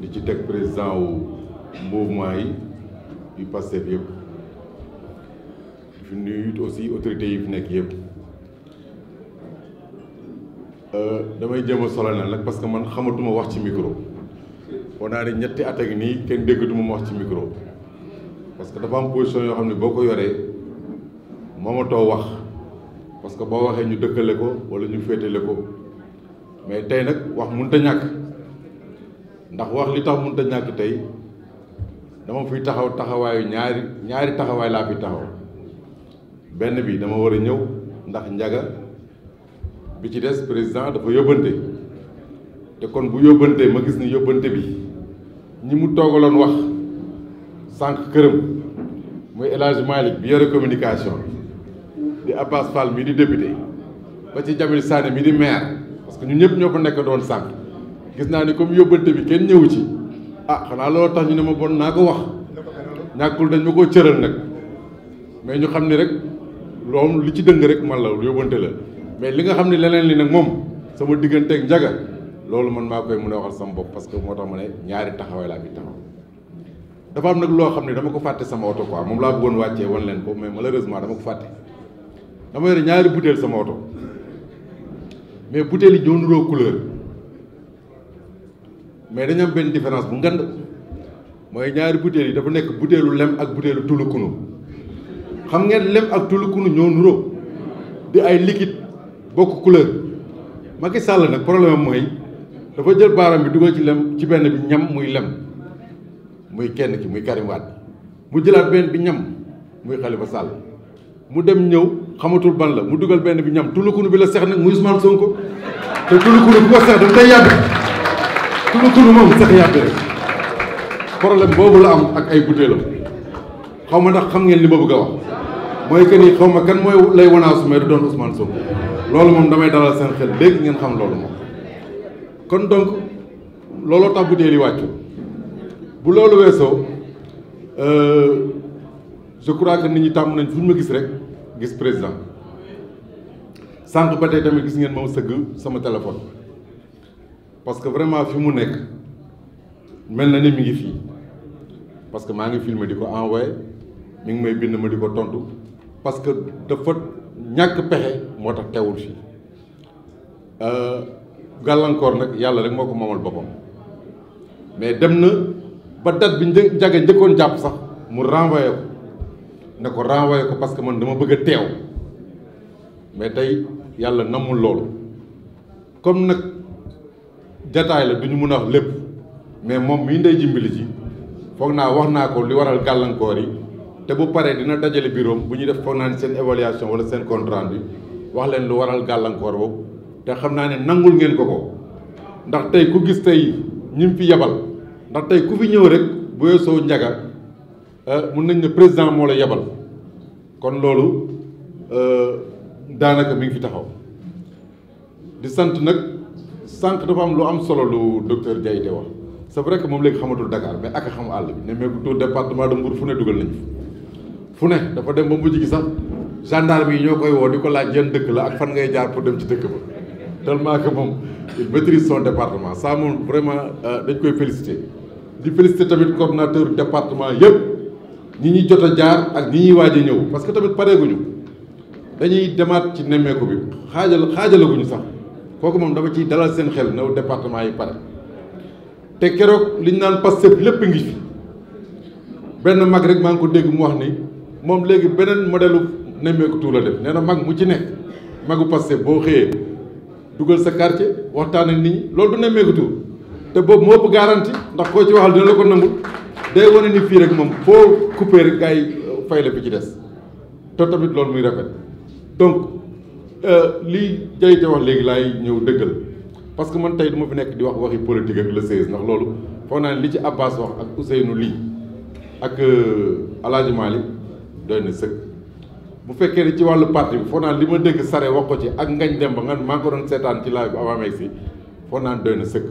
di ci teg président wu mouvement yi yu Pastef yëpp fi nuyu aussi autorités yi fi nekk yëpp euh, damay jéem a solennel nag parce que man xamatuma wax ci micro on a ñetti at ak nii kenn déggatuma ma wax ci micro parce que dafa am position yoo xam ne boo ko yoree moomatoo wax parce que boo waxee ñu dëkkale ko wala ñu féetale ko mais tey nag wax mënut a ñàkk. ndax wax li tax mënut a ñàkk tey dama fiy taxaw taxawaayu ñaari ñaari taxawaay laa fi taxaw benn bi dama war a ñëw ndax njaga bi ci des président dafa yóbbante te kon bu yóbbante ma gis ni yóbbante bi ñi mu toogaloon wax sànq këram muy El Hadj Malick bi yore communication di Abbas Fall mii di député ba ci Jamil Sané mii di maire parce que ñun ñëpp ñoo ko nekk doon sànq gis naa ni comme yóbbante bi kenn ñëwu ci ah xanaa loolu tax ñu ne ma bon naa ko wax ñàkkul dañ ma koo cëral nag mais ñu xam ni rek loolu li ci dëng rek man la yóbbante la mais li nga xam ne leneen li nag moom sama diggante digganteeg njaga loolu man maa koy mën a waxal sama bopp parce que moo tax ma ne ñaari taxawaay laa bi taxaw dafa am nag loo xam ne dama ko fàtte sama oto quoi moom laa bëggoon wàccee wan leen ko mais malheureusement dama ko fàtte dama yore ñaari butéel sama oto mais butéel yi ñoo nuroo couleur mais dañu am benn différence bu ngand mooy ñaari butéel yi dafa nekk butéelu lem ak butéelu tulukunu xam ngeen lem ak tulukunu ñoo nuroo di ay liquide bokk couleur Macky sàll nag problème mooy dafa jël baaram bi dugal ci lem ci benn bi ñam muy lem muy kenn ki muy Karim mu jëlaat benn bi ñam muy Khalifa Sall mu dem ñëw xamatul ban la mu dugal benn bi ñam tulukunu bi la sex nag muy Ousmane Sonko te tulukunu bu ko sex dañ koy yàgg tudd tudd moom Cheikh Yàbbe problème boobu la am ak ay butéelam xaw ma ndax xam ngeen li ma bëgg a wax mooy que ni xaw ma kan mooy lay wanaasu mais du doon Ousmane Sonko loolu moom damay dalal seen xel léegi ngeen xam loolu moom kon donc looloo tax butéel yi wàccu bu loolu weesoo euh, je crois que nit ñi tàmm nañ fu ñu ma gis rek gis président sànq ba tey tamit gis ngeen moom sëgg sama téléphone parce que vraiment fi mu nekk mel na ni mi ngi fii parce que maa ngi filmé di ko envoyé mi ngi may bind ma di ko tontu parce que dafa ñàkk pexe moo tax teewul fii euh, gàllankoor nag yàlla rek moo ko moomal boppam mais dem na ba date bi një njage njëkkoon jàpp sax mu renvoyé ne ko renvoyé ko parce que man dama bëgg a teew mais tey yàlla namul loolu comme nag. détail la du ñu mun a wax lépp mais moom mii ndey jimbili ji foog naa wax naa ko li waral gàllankoor yi te bu paree dina dajale bureau bu ñuy def foog naa ne seen évaluation wala seen compte bi wax leen lu waral gàllankoor boobu te xam naa ne nangul ngeen ko ko ndax tey ku gis tey ñi fi yebal ndax tey ku fi ñëw rek bu weesoo njaga ah, mun nañ ne président moo la yebal kon loolu ah, daanaka mi fi taxaw di sant nag. sànq dafa am lu am solo lu docteur Diaye de wax c'est vrai que moom léegi xamatul Dakar mais ak a xam àll bi ne meeku tout département de Mbour fu ne dugal nañu fu ne dafa dem ba mujj gi sax gendarme yi ñoo koy woo di ko laaj yan dëkk la ak fan ngay jaar pour dem ci dëkk ba tellement que moom il maîtrise son département ça moom vraiment euh, dañ koy féliciter di féliciter tamit coordonnateur département yëpp ñi ñuy jot a jaar ak ñi ñuy waaj a ñëw parce que tamit pareeguñu dañuy demaat ci nemmeeku bi xaajal xaajalaguñu sax kooku moom dama ciy dalal seen xel new département yi pare te keroog li ñu naan Pastef lépp ngi fi benn mag rek maa ngi ko dégg mu wax ni moom léegi beneen modèle nemmeeku tuur la def nee na mag mu ci nekk magu Pastef boo xëyee dugal sa quartier waxtaan ak nit loolu du nemmeeku te boobu moo ëpp garanti ndax koo ci waxal dina la ko nangul day wane ni fii rek moom foo coupé rek yi fay la fi ci des te tamit loolu muy rafet donc. Euh, lii jay wax léegi laay ñëw dëggal parce que man tey du fi nekk di wax waxi politique ak le 16 ndax loolu foog naa ne li ci Abbas wax ak Ousseynou lii ak euh, El Hadj Malick doy na sëkk bu fekkee ne ci wàllu parti bi foog naa li ma dégg Sare wax ko ci ak Ngañ dem ba nga maa ngi ko doon seetaan ci live bi avant meeg si foog naa doy na sëkk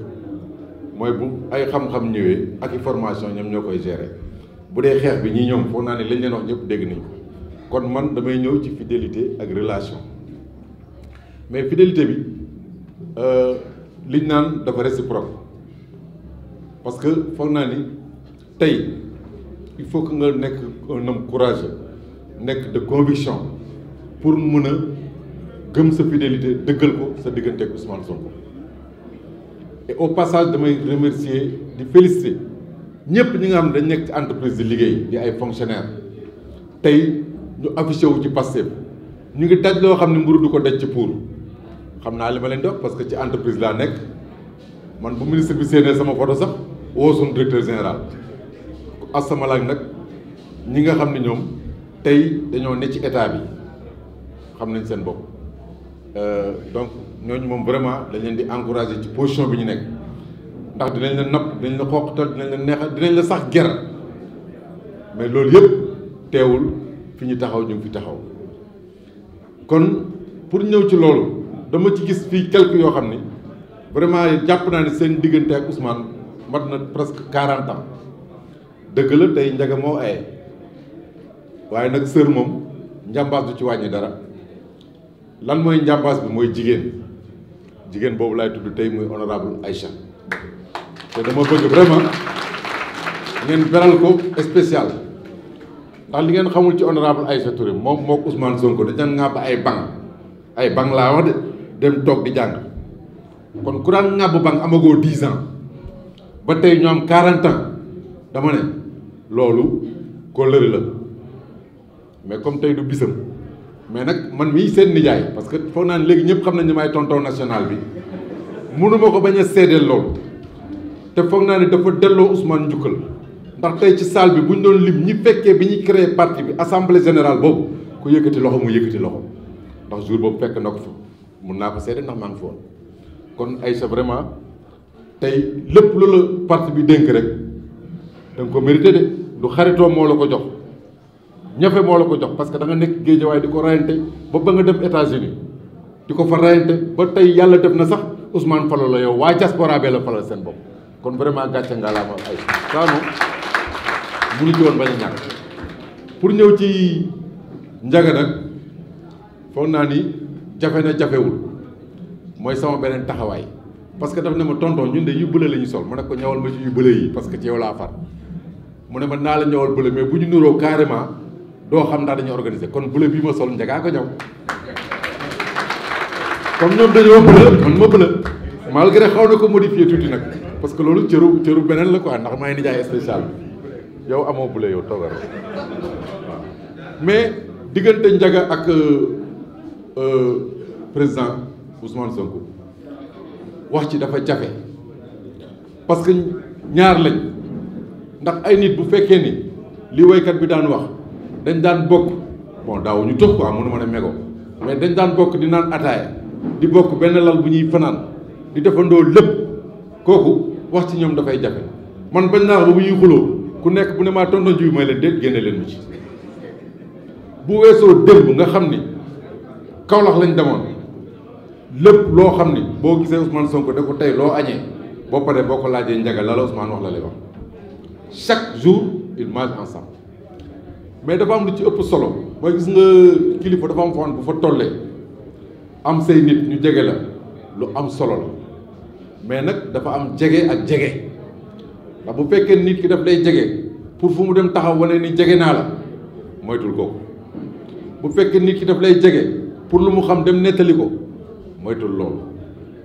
mooy bu ay xam-xam ñëwee ak i formation ñoom ñoo koy gérer bu dee xeex bi ñi ñoom foog naa ne lañ leen wax ñëpp dégg nañ ko kon man damay ñëw ci fidélité ak relation. mais fidélité bi euh, liñ naan dafa réciproque parce que foog naa ni tey il faut que nga nekk un homme courageux nekk de conviction pour mun a gëm sa fidélité dëggal ko sa diggante ak Ousmane Sonko et au passage damay remercier di féliciter ñëpp ñi nga xam ne dañ nekk ci entreprise di liggéey di ay fonctionnaires tey ñu affiché wu ci Pastef ñu ngi daj loo xam ne mburu du ko daj ci pour xam naa li ma leen di wax parce que ci entreprise laa nekk man bu ministre bi séenee sama photo sax woo suñu directeur général assamalaak nag ñi nga xam ne ñoom tey dañoo nekk ci état bi xam nañ seen bopp euh, donc ñooñu moom vraiment dañ leen di encourager ci position bi ñu nekk ndax dinañ leen napp dinañ la xooqtal dinañ leen neexal dinañ la sax ger mais loolu yëpp teewul fi ñu taxaw ñu ngi fi taxaw kon pour ñëw ci loolu dama ci gis fii quelques yoo xam ni vraiment jàpp naa ne seen diggante ak Ousmane mat na presque quarante ans dëgg la tey njaga moo aye waaye nag sër moom njàmbaas du ci wàññi dara lan mooy njàmbaas bi mooy jigéen jigéen boobu laay tudd tey muy honorable Aïcha te dama bëgg vraiment ngeen beral ko spécial ndax li ngeen xamul ci honorable Aïcha Touré moom mook Ousmane Sonko dañu daan ŋàbb ay banc ay banc laa wax de dem toog di jàng kon ku daan ŋàbbu banque amagoo dix ans ba tey ñoom quarante ans dama ne loolu kóllëre la mais comme tey du bisam mais nag man mii seen nijaay parce que foog naa ne léegi ñëpp xam nañ ne maay tonton national bi mënuma ko bañ a seedeel loolu te foog naa ne dafa delloo Ousmane Njukkal ndax tey ci salle bi bu ñu doon lim ñi fekkee bi ñuy créé parti bi assemblée générale boobu ku yëkkati loxo mu yëkkati loxo ndax jour boobu fekk na ko fa mun naa ko seede ndax maa ngi fi woon kon Aïcha vraiment tey lépp lu la parti bi dénk rek da nga ko mérité de du xaritoo moo la ko jox ñafe moo la ko jox parce que nekk nga nekk géejawaay di ko rayante ba ba nga dem États-Unis di ko fa rayante ba tey yàlla def na sax Ousmane Falo la yow waa diaspora bee la falal seen bopp kon vraiment gàcce ngalaama ay saanu munu ci woon bañ a ñàkk pour ñëw ci njaga nag foog naa ni jafe na jafewul mooy sama beneen taxawaay parce que daf ne ma tonton ñun de yu bële la ñu sol ma ne ko ñawal ma ci yu bële yi parce que ci yow laa far mu ne ma naa la ñawal bële mais bu ñu nuroo carrément doo xam ndax dañu organiser kon bële bii ma sol njagaa ko ñaw comme ñoom dañoo bële man ma bële malgré xaw na ko modifier tuuti nag parce que loolu cëru cëru beneen la quoi ndax maay nijaay spécial yow amoo bële yow toogal waaw mais diggante njaga ak. Euh, Euh, président Ousmane Sonko wax ci dafa jafe parce que ñaar lañ ndax ay nit bu fekkee ni li woykat bi daan wax dañ daan bokk bon daaw ñu ko am mënu ma ne mego mais dañ daan bokk di naan ataaya di bokk benn lal bu ñuy fanaan di defandoo lépp kooku wax ci ñoom dafay jafe man bañ naa ba bu ñuy xuloo ku nekk bu ne maa tonton jiw may leen déet génne leen mu ci bu weesoo démb nga xam ni kaw Kaolack lañ demoon lépp loo xam ni boo gisee Ousmane Sonko da ko tey loo añee boo paree boo ko laajee njaga la la Ousmane wax la lay wax chaque jour il mange ensemble mais dafa am lu ci ëpp solo mooy gis nga kilifa dafa am foo bu fa tollee am say nit ñu jege la lu am solo la mais nag dafa am jege ak jege ndax bu fekkee nit ki daf lay jege pour fu mu dem taxaw wane ni jege naa la moytul kooku bu fekkee nit ki daf lay jege. pour lu mu xam dem nettali ko moytu loolu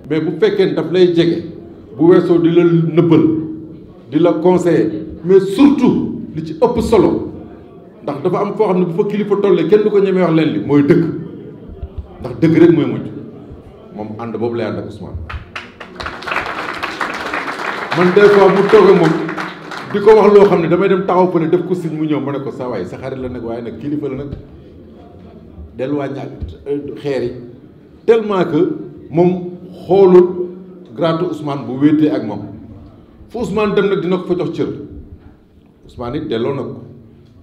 mais bu fekkee daf lay jege bu weesoo di la nëbbal di la conseiller mais surtout li ci ëpp solo ndax dafa am foo xam ne bu fa kilifa tollee kenn du ko ñemee wax leen li mooy dëgg ndax dëgg rek mooy mujj moom ànd boobu lay ànd ak Ousmane man des fois mu toog moom di ko wax loo xam ne damay dem taxaw fële def ko siñ mu ñëw ma ne ko saa sa xarit la nag waaye nag kilifa la nag. dellu wàññi ak xeer yi tellement que moom xoolul gratu Ousmane bu wéetee ak moom fu Ousmane dem nag dina ko fa jox cër Ousmane it delloo na ko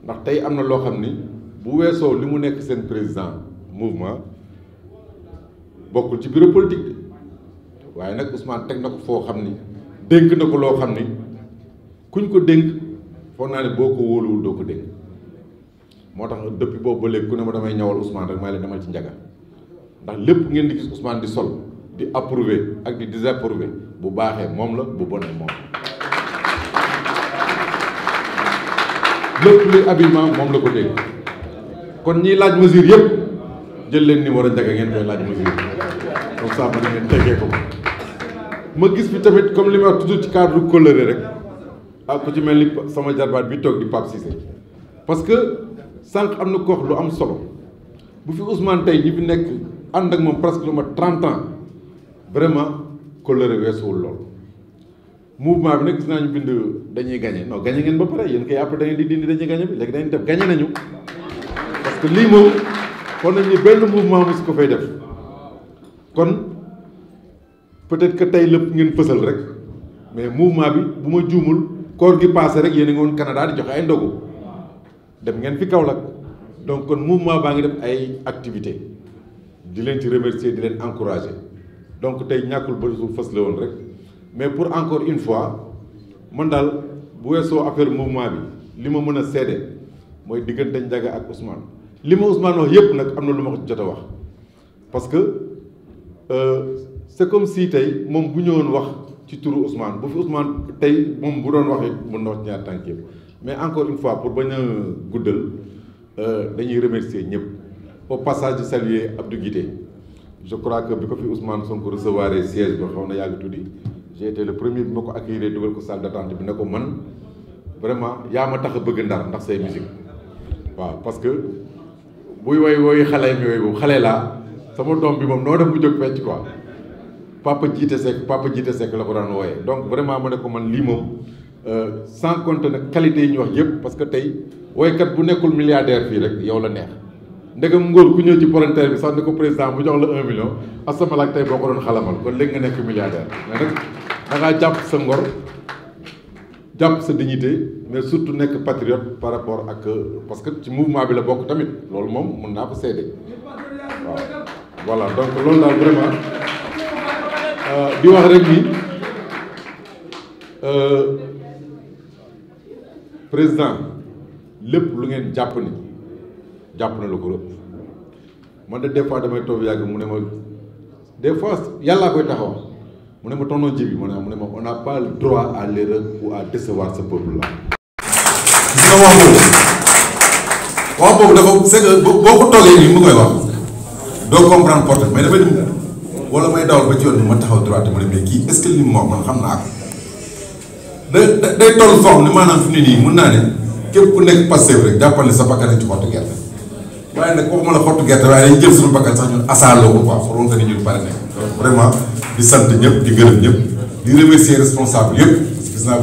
ndax tey am na loo xam ni bu weesoo li mu nekk seen président mouvement bokkul ci bureau politique de waaye nag Ousmane teg na ko foo xam ni dénk na ko loo xam ni kuñ ko dénk foog naa ne boo ko wóoluwul doo ko dénk moo tax depuis boobu ba léegi ku ne ma damay ñawal Ousmane rek may leen demal ci njaga ndax lépp ngeen di gis Ousmane di sol di approuvé ak di désapprouvé bu baaxee moom la bu bonee moom lépp luy habillement moom la ko dégg kon ñiy laaj mesure yëpp jël leen a njaga ngeen koy laaj mesure comme ça ma ngeen tegee ko ma gis bi tamit comme li ma wax ci cadre coloré rek ak ku ci mel ni sama jarbaat bi toog di Pape Cissé parce sànq am na kook lu am solo bu fi Ousmane tey ñi fi nekk ànd ak moom presque lu ma trente ans vraiment coloré weesuwul lool mouvement bi nag gis naa ñu bind dañuy gagné non gagné ngeen ba pare yéen koy après da ngeen di dindi dañuy gagné bi léegi dañuy def gagné nañu parce que lii moom kon nañ ni benn mouvement mosu ko fay def kon peut-être que tey lépp ngeen fësal rek mais mouvement bi bu ma juumul koor gi passé rek yéen a ngi woon di joxe ay ndogu dem ngeen fi Kaolack donc kon mouvement baa ngi def ay activité di leen ci remercier di leen encourager donc tey ñàkkul ba fas fës la woon rek mais pour encore une fois man daal bu weesoo affaire mouvement bi li ma mën a seede mooy diggante Ndiaga ak Ousmane li ma Ousmane wax yëpp nag am na lu ma ko jot a wax parce que euh, c'est comme si tey moom bu ñëwoon wax ci turu Ousmane bu fi Ousmane tey moom bu doon waxee mën na wax ñaar tànk yëpp mais encore une fois pour ba a guddal euh, dañuy remercier ñëpp au passage di ab Abdou je crois que bi ko fi Ousmane Sonko recevoir siège ba xaw na yàgg tuddi j'ai été le premier bi ma ko accueillir dugal ko salle d'attente bi ne ko man vraiment yaa ma tax a bëgg ndar ndax say musique waaw parce que buy woy woy xale mi yooyu xale laa sama doom bi moom noo def mu jóg fecc quoi papa jiite sekk papa jiite sekk la ko daan wooyee donc vraiment ma ne ko man lii moom Euh, sans compter nag qualité yi ñu wax yëpp parce que tey woykat bu nekkul milliardaire fii rek yow la neex ndegam ngóor ku ñëw ci volontaire bi sax ni ko président bu jox la un million asamala ak tey boo ko doon xalamal kon léegi nga nekk milliardaire nag da jàpp sa ngor jàpp sa dignité mais surtout nekk patriote par rapport ak parce que ci mouvement bi la bokk tamit loolu moom mën naa ko seede waaw voilà donc loolu daal vraiment euh, di wax rek ni euh, président lépp lu ngeen jàpp ni jàpp na lu ko rëpp man de des fois damay toog yàgg mu ne ma des fois yàllaa koy taxaw mu ne ma tonton Djibi ma ne mu ne ma on n'a pas le droit à l'erreur ou à décevoir ce peuple là. dina wax boobu wax boobu koy wax doo comprendre porte mais dafay dem wala may dawal ba ci yoon bi ma taxaw droit ma ne kii est-ce que li mu man xam naa ko. day day toll foo xam ne maanaam fi mu ne nii mun naa ne képp ku nekk Pastef rek jàppal ne sa bakkan lañ ci xottu gerte waaye nag waxuma la xottu gerte waaye dañ jël suñu bakkan sax ñun asaaloo ko quoi waroon nga ni ñun pare nekk vraiment di sant ñëpp di gërëm ñëpp di remercier responsable yëpp.